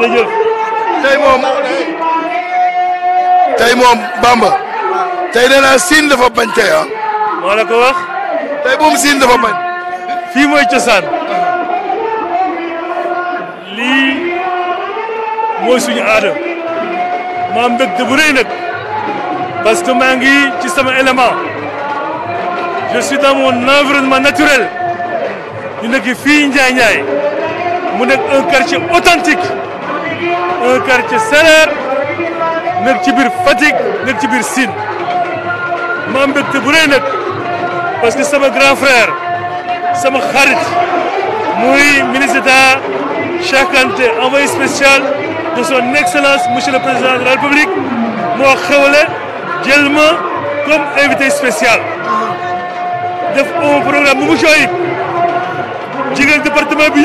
jërëjëf. tey moom tey moom Bamba. tey nee naa siin dafa bañ tey ah. la ko wax. tey moom siin dafa bañ. fii mooy cosaan. lii mooy suñu aada. maa mbégte bu rëy nag. que maa ngi ci sama élément. je suis dans mon environnement naturel. ñu nekk fii Ndiaye Ndiaye mu nekk un quartier authentique un quartier séeréer nekk ci biir Fatick nekk ci biir Sine ma am mbégte bu parce que sama grand frère sama xarit muy ministre d'État Cheikh Kanté envoyé de son excellence monsieur le président de République moo xewle jël ma comme invité spécial def un programme bu mu jooyib jigéen département bi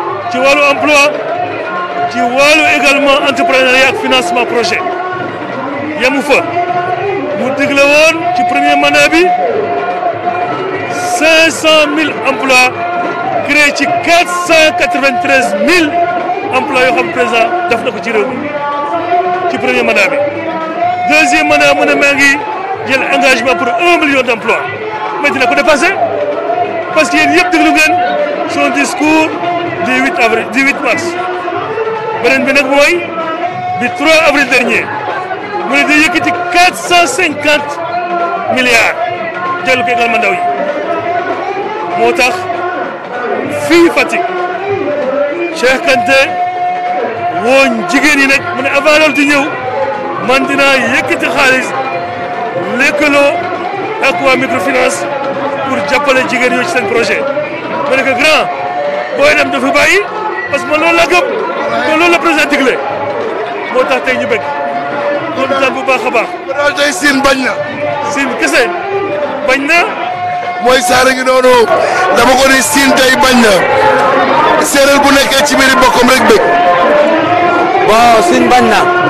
Tu vois l'emploi, tu vois également l'entrepreneuriat financement projet y a mu digle woon le premier mandat bi 500 000 emplois créé 493 000 emplois qui xam présents def na ko premier mandat deuxième mandat mon ami, j'ai engagement pour 1 million d'emplois. emplois mais dina ko dépassé parce a a yëpp de ngeen son discours du 8 avril du 8 mars beneen bi nag mooy du 3 avril dernier mu ne day yëkkati 450 milliards jël ko également ndaw yi moo tax fii Fatick Cheikh Kanté wooñ jigéen yi nag mu ne avant loolu di ñëw man dinaa yëkkati xaalis lëkkaloo ak waa microfinance pour jàppale jigéen yooyu ci seen projet ma ne ko grand booy dem dafa bàyyi parce que man loolu la gëm te la président digle moo tax tey ñu bëgg kontaan bu baax a baax. ba daal bañ na. siin kese bañ na. mooy saara ngi noonu dama ko ni siin tey bañ na séeréer bu nekkee ci biir bokkam rek bëgg. waaw bañ na.